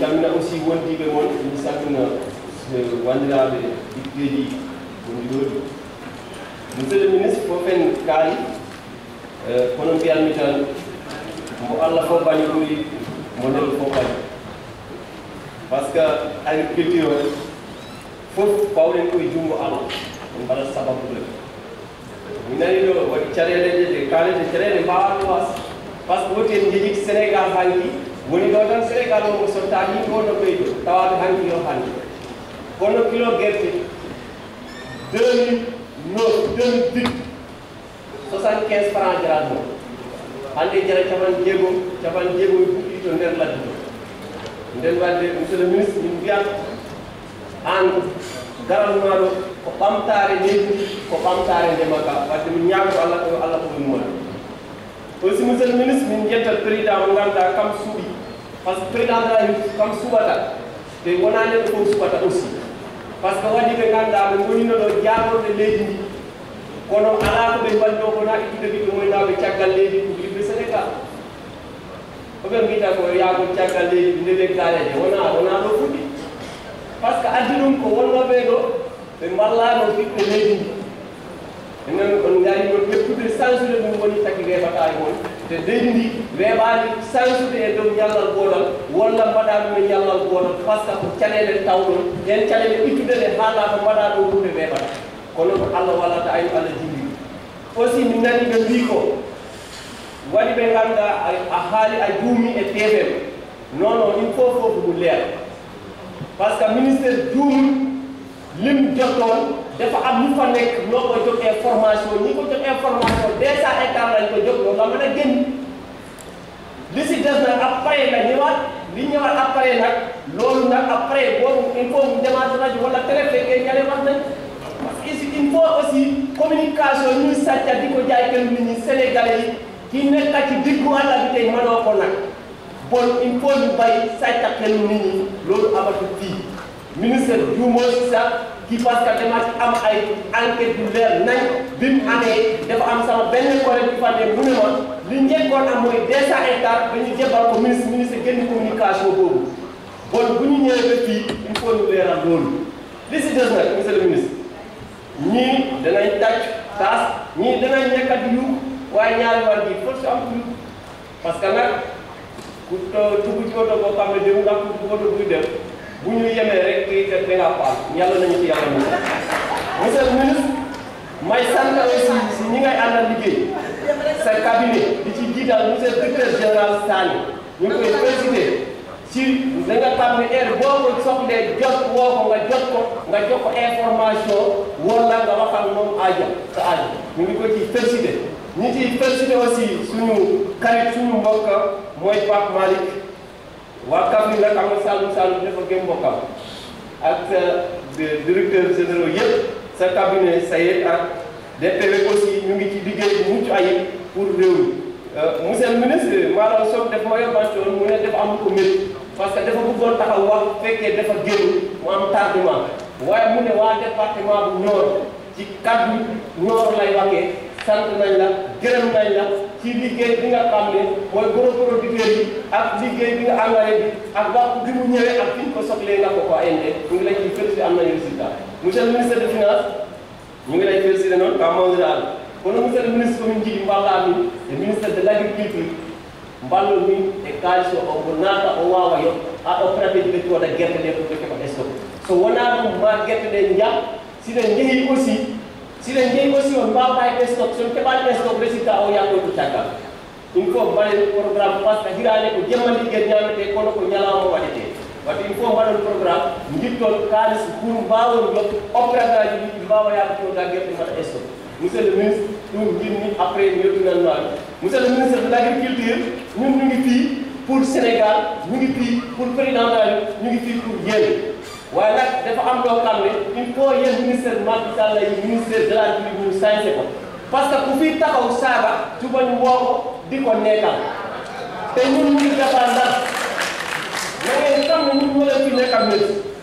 tamina aussi wondiɓe moon mi salmina wandiraɓe ɗiɗɗeji gondiɗoɗi monsieur le ministre fof en kaali kono euh, mbiyatmi tan mo allah fof bañi ɓuri mo lel fof bañi par ce que agriculture o fof pawɗen koye junngo allah on mbaɗat sababude mi nani ɗo waɗi caɗele ɗe ɗe kalete caɗele mbawaɗo was par ce que woti en jejiti sénégal hanki woni ɗo tan sénégal o so ta hin gonɗo ɓeydo tawaɓe han kilo hande kono kilo guerte 2009 75 franc jaratmo hande jara capan jeego capan jeegoy e fuɗɗi to nder ladde to nden wadde monsieur le ministre min mbiyat an garannoɗo ko ɓamtare neydi ko ɓamtare ndemaka wadde min ñaago allah allah ko ɗummoɗa aussi monsieur le ministre min jettat président mo ganduɗa kam suuɓi par ce que président de la rue comme subata ɓe wonaande ɗo fof subata aussi par ce que waɗi ɓe ngannduɗaa ɓe ngonino ɗo jaaɓorɓe leydi ndi kono alaa ko ɓe mbanno wonaa ittude ɓiɓɓe moynaa ɓe caggal leydi ɗum yimɓe sénégal oɓe mbiita ko yaagol caggal leydi nde ɓe galede wona wonaa ɗo fuɗɗi par ce que addinum ko wonnoɓee ɗo ɓe mballaano ɓiɓɓe leydi ndi enen on ngari on ƴettude changeude ɗum woni tagi reefataa e woni te dendi weɓani sansude e dow ñallal gootal walla mbaɗa ɗume ñallal gootal par ce que ko caɗele tawɗon ɗen caɗele ittude ɗe haala ko mbaɗa ɗo hunde weɓata kono ko allah wallata ayi allah jilli aussi min nani ɓe mbi ko waɗi ɓe ngannda a haali a juumi e pfm non on in fof fof mo leer par ce que ministére juumi lim jottoon dafa am ñu fa nekk ñoo ko jox information ñi ko jox information 200 hectares lañ ko jox loolu la mën a génn li si des nag après la ñëwaat li ñëwaat après nag loolu nag après boobu il faut mu démarrer rajo wala très fekkee ñale wax nañ parce que il faut aussi communication ñuy sàcca di ko jaay kenn nit ñi Sénégalais yi ki nekk ci diggu àll bi tey mënoo ko nag bon il faut ñu bay sàcca kenn nit ñi loolu amatul fii ministre Diouf moo si sax qui parce que dama am ay enquête yu leer nañ bi mu amee dafa am sama benn collègue bu de mu ne ma li njëkkoon am mooy 200 hectares dañu jébbal ko ministre ministre génn communication boobu bon bu ñu ñëwee ba fii il faut ñu leeral li si des nag monsieur le ministre ñii danañ tàcc taas ñii danañ nekkat yu waaye ñaari war gi fël si am yu parce que nag ku dugg ci oto boo xam ne dégg nga ku dugg bu ñu yemee rek kuy fekk da ngaa faal yàlla nañu ci yàlla mu monsieur le ministre may sant aussi si ñi ngay àndal liggéey sa cabinet di ci jiital monsieur le directeur général Sani ñu ngi koy félicité ci da nga xam ne heure boo ko soxlee jot woo ko nga jot ko nga jox ko information wala nga waxal moom aajo sa aajo ñu ngi ko ci félicité ñu ciy félicité aussi suñu xarit suñu mbokk mooy Pape Malick waa Kaffrine nag am na Saloum Saloum dafa gëm mbokkam ak sa euh, directeur général yëpp sa cabinet sa yëg ak DPV aussi ñu ngi ci liggéey bu mucc ayib pour réew mi. Euh, monsieur le ministre maanaam soog def ma yombantoon mu ne dafa am ko mérite parce que dafa bëggoon taxaw wax bu fekkee dafa génn mu am waa département bu Nioro ci kaddu Nioro lay waxee. sant nañ la gërëm nañ la ci liggéey bi nga xam ne mooy gros producteur yi ak liggéey bi nga engrais bi ak waxtu bi mu ñëwee ak fi ñu ko soxlee nga ko ko ayante ñu ngi lay ci félicité am nañu résultat monsieur le ministre de finance ñu ngi lay félicité noonu waa mondial kono monsieur le ministre komin jiɗi mballaami e ministre de l' agriculture mballo min e kaaliso o mbo naata o waawa a haa a préfet ɓe cooda gerte ɗe pour ɓe keɓa stock so wonaa ɗum ma gerte ɗe njaha sino njehi aussi Chiranjeevi को शिव उनका पाए test option के बाद test operation का हो या कोई कुछ का इनको बड़े प्रोग्राम पास नहीं रहा है उद्यम मंदिर के ज्ञान में को को जाला हो वाले थे बट इनको बड़े प्रोग्राम नितो काल स्कूल बावन जो ओपरा का जी बावा या को का गेट में test Monsieur le ministre, nous venons après mieux tout le monde. Monsieur le ministre de l'Agriculture, nous nous ici pour Sénégal, nous ici pour président, nous ici pour Yémen. waaye nag dafa am loo xam ne il faut yéen ministère Macky Sall yi ministère de la République ñu sañse ko parce que ku fi taxaw saaga suba ñu woo ko di ko te ñun ñu defar ndax da ngeen xam ne ñun ñoo leen